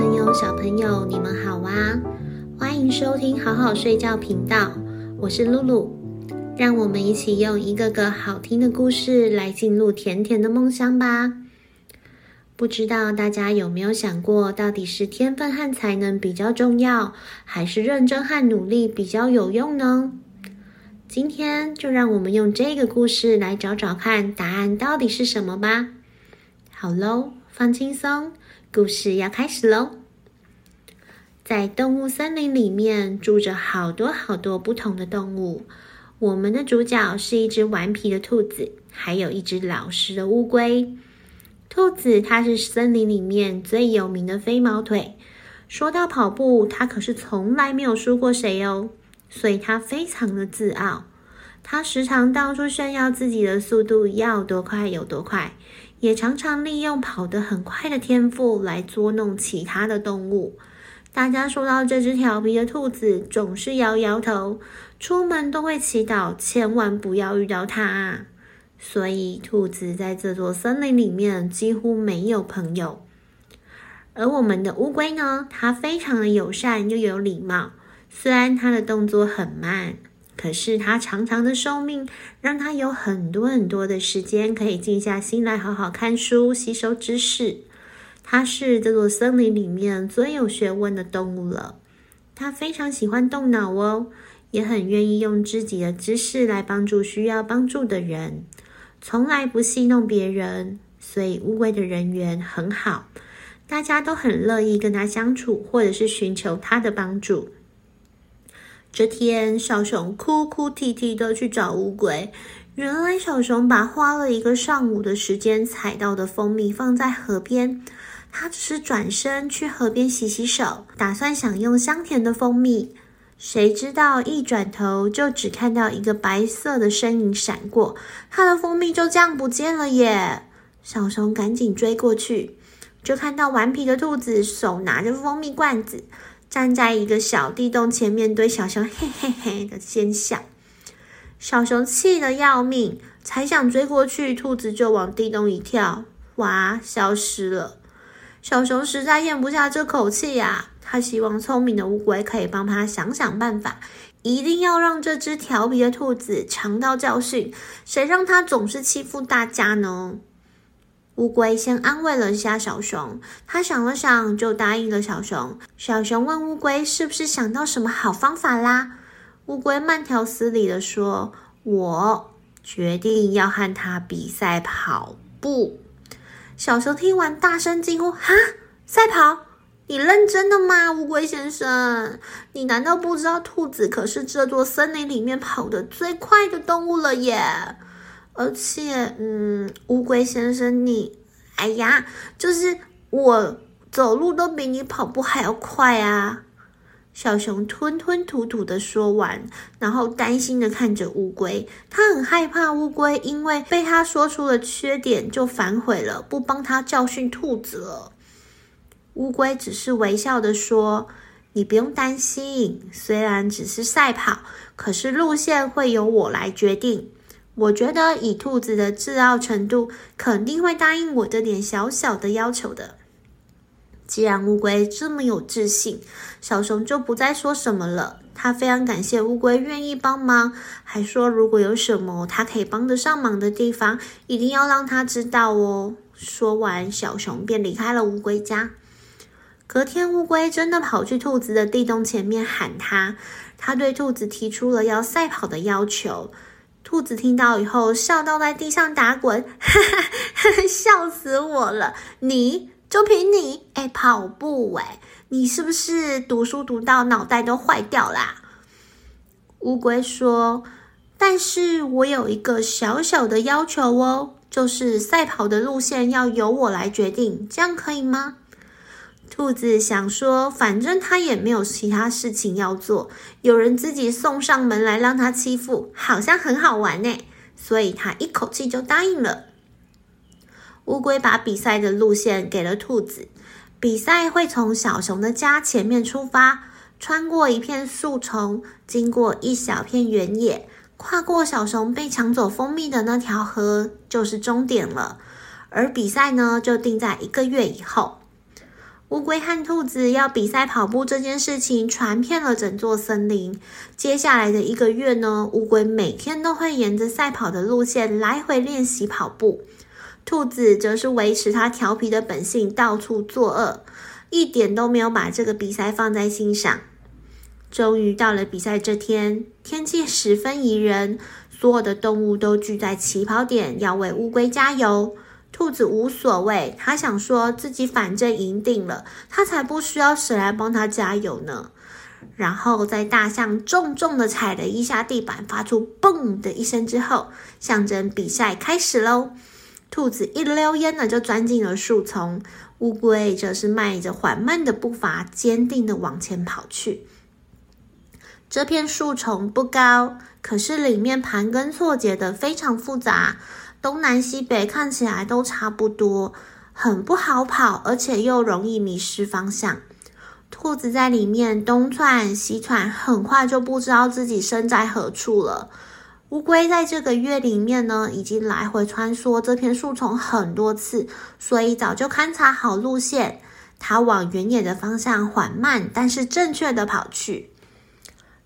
朋友，小朋友，你們好啊！歡迎收聽好好睡覺頻道，我是露露。讓我們一起用一個個好聽的故事來進入甜甜的夢鄉吧。不知道大家有沒有想過，到底是天分和才能比較重要，還是認真和努力比較有用呢？今天就讓我們用這個故事來找找看答案到底是什麼吧。好嘍，放輕鬆。故事要開始嘍！在動物森林裡面住着好多好多不同的動物。我們的主角是一隻頑皮的兔子，還有一隻老實的烏龜。兔子它是森林裡面最有名的飛毛腿，說到跑步，它可是從來沒有輸過誰哦，所以它非常的自傲。它時常到處炫耀自己的速度要多快有多快。也常常利用跑得很快的天賦來捉弄其他的動物。大家說到這只調皮的兔子，總是搖搖頭，出門都會祈禱千萬不要遇到它啊。所以，兔子在這座森林裡面幾乎沒有朋友。而我們的烏龜呢？它非常的友善又有禮貌，雖然它的動作很慢。可是，它長長的壽命讓它有很多很多的時間可以靜下心來好好看書、吸收知識。它是這座森林裡面最有學問的動物了。它非常喜歡動腦哦，也很願意用自己的知識來幫助需要幫助的人，從來不戲弄別人。所以，烏龜的人緣很好，大家都很樂意跟它相處，或者是尋求它的幫助。這天，小熊哭哭啼啼地去找烏龜。原來，小熊把花了一個上午的時間採到的蜂蜜放在河邊，他只是轉身去河邊洗洗手，打算享用香甜的蜂蜜。誰知道一轉頭就只看到一個白色的身影閃過，他的蜂蜜就這樣不見了耶！小熊趕緊追過去，就看到頑皮的兔子手拿着蜂蜜罐子，站在一個小地洞前面，對小熊嘿嘿嘿的奸笑。小熊氣得要命，才想追過去，兔子就往地洞一跳，哇，消失了。小熊實在咽不下這口氣呀、啊，他希望聰明的烏龜可以幫他想想辦法，一定要讓這隻調皮的兔子嘗到教訓。誰讓他總是欺負大家呢？烏龜先安慰了一下小熊，他想了想就答應了小熊。小熊問烏龜：“是不是想到什麼好方法啦？”烏龜慢條斯理的說：“我決定要和他比賽跑步。”小熊聽完，大聲驚呼：“哈！賽跑？你認真的嗎，烏龜先生？你難道不知道兔子可是這座森林裡面跑得最快的動物了耶？”而且，嗯，烏龜先生，你，哎呀，就是我走路都比你跑步還要快啊！小熊吞吞吐吐的說完，然後擔心的看着烏龜，他很害怕烏龜因為被他說出了缺點就反悔了，不幫他教訓兔子了。烏龜只是微笑的說：“你不用擔心，雖然只是賽跑，可是路線會由我來決定。”我覺得以兔子的自傲程度，肯定會答應我這點小小的要求的。既然烏龜這麼有自信，小熊就不再說什麼了。他非常感謝烏龜願意幫忙，還說如果有什麼他可以幫得上忙的地方，一定要讓他知道哦。說完，小熊便離開了烏龜家。隔天，烏龜真的跑去兔子的地洞前面喊他，他對兔子提出了要賽跑的要求。兔子聽到以後，笑到在地上打滾，笑，笑死我了！你就憑你，哎，跑步哎，你是不是讀書讀到腦袋都壞掉啦？烏龜說：“但是我有一個小小的要求哦，就是賽跑的路線要由我來決定，這樣可以嗎？”兔子想說，反正他也沒有其他事情要做，有人自己送上門來讓他欺負，好像很好玩欸，所以他一口氣就答應了。烏龜把比賽的路線給了兔子，比賽會從小熊的家前面出發，穿過一片樹叢，經過一小片原野，跨過小熊被搶走蜂蜜的那條河，就是終點了。而比賽呢，就定在一個月以後。烏龜和兔子要比賽跑步這件事情傳遍了整座森林。接下來的一個月呢，烏龜每天都會沿着賽跑的路線來回練習跑步，兔子則是維持他調皮的本性，到處作惡，一點都沒有把這個比賽放在心上。終於到了比賽這天，天氣十分宜人，所有的動物都聚在起跑點，要為烏龜加油。兔子無所謂，他想說自己反正贏定了，他才不需要誰來幫他加油呢。然後，在大象重重的踩了一下地板，發出“嘣”的一聲之後，象徵比賽開始嘍。兔子一溜煙的就鑽進了樹叢，烏龜則是邁着緩慢的步伐，堅定的往前跑去。這片樹叢不高，可是裡面盤根錯節的非常複雜。東南西北看起來都差不多，很不好跑，而且又容易迷失方向。兔子在裡面東竄西竄，很快就不知道自己身在何處了。烏龜在這個月裡面呢，已經來回穿梭這片樹叢很多次，所以早就勘察好路線。它往原野的方向緩慢但是正確地跑去。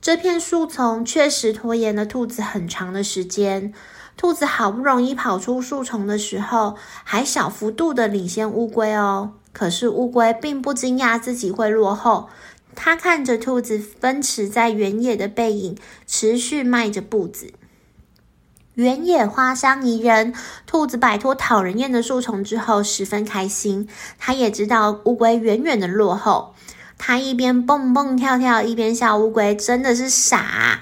這片樹叢確實拖延了兔子很長的時間。兔子好不容易跑出樹叢的時候，還小幅度地領先烏龜哦。可是烏龜並不驚訝自己會落後，它看着兔子奔馳在原野的背影，持續邁着步子。原野花香宜人，兔子擺脫討人厭的樹叢之後，十分開心。它也知道烏龜遠遠的落後，它一邊蹦蹦跳跳，一邊笑烏龜真的是傻。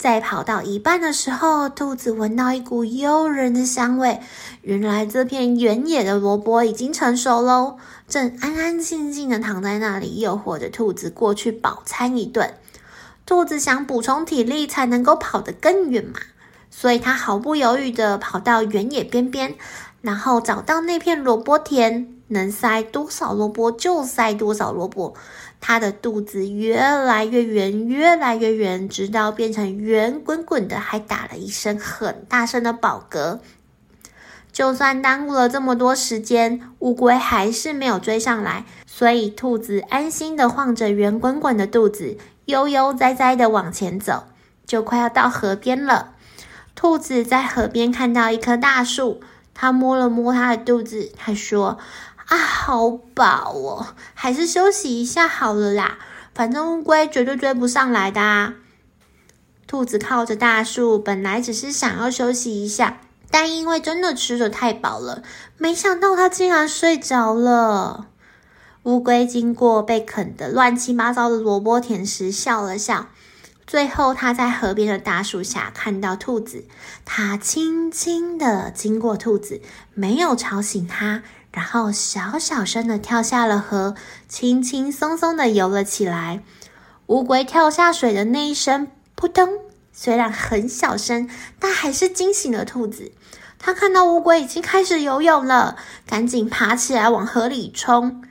在跑到一半的時候，兔子聞到一股誘人的香味。原來這片原野的蘿蔔已經成熟嘍，正安安靜靜的躺在那裡，誘惑着兔子過去飽餐一頓。兔子想補充體力，才能夠跑得更遠嘛，所以它毫不猶豫地跑到原野邊邊，然後找到那片蘿蔔田，能塞多少蘿蔔就塞多少蘿蔔。它的肚子越來越圓，越來越圓，直到變成圓滾滾的，還打了一聲很大聲的飽嗝。就算耽誤了這麼多時間，烏龜還是沒有追上來，所以兔子安心地晃着圓滾滾的肚子，悠悠哉哉的往前走，就快要到河邊了。兔子在河邊看到一棵大樹，它摸了摸它的肚子，它說，啊，好飽哦，還是休息一下好了啦。反正烏龜絕對追不上來的啊。兔子靠着大樹，本來只是想要休息一下，但因為真的吃得太飽了，沒想到它竟然睡着了。烏龜經過被啃得亂七八糟的蘿蔔田時，笑了笑。最後，它在河邊的大樹下看到兔子，它輕輕地經過兔子，沒有吵醒它。然後，小小聲的跳下了河，輕輕鬆鬆的游了起來。烏龜跳下水的那一聲“撲通”，雖然很小聲，但還是驚醒了兔子。它看到烏龜已經開始游泳了，趕緊爬起來往河裡衝。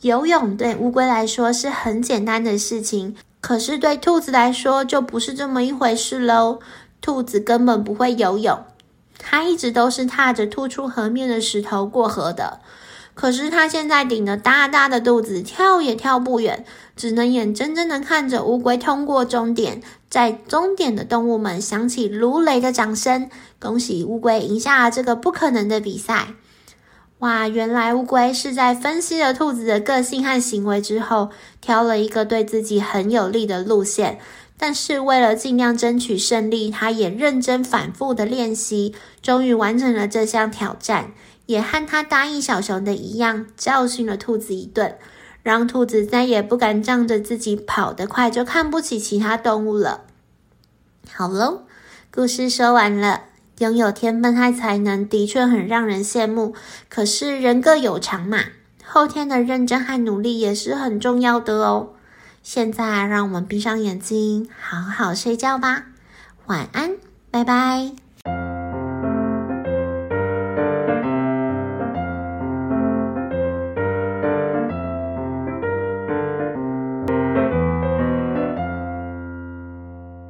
游泳對烏龜來說是很簡單的事情，可是對兔子來說就不是這麼一回事嘍。兔子根本不會游泳。它一直都是踏着突出河面的石頭過河的，可是它現在頂着大大的肚子，跳也跳不遠，只能眼睜睜的看着烏龜通過終點。在終點的動物們響起如雷的掌聲，恭喜烏龜贏下了這個不可能的比賽！哇，原來烏龜是在分析了兔子的個性和行為之後，挑了一個對自己很有利的路線。但是為了儘量爭取勝利，他也認真反覆的練習，終於完成了這項挑戰，也和他答應小熊的一樣，教訓了兔子一頓，讓兔子再也不敢仗着自己跑得快就看不起其他動物了。好嘍，故事說完了。擁有天分和才能的確很讓人羨慕，可是人各有長嘛，後天的認真和努力也是很重要的哦。現在讓我們閉上眼睛，好好睡覺吧。晚安，拜拜。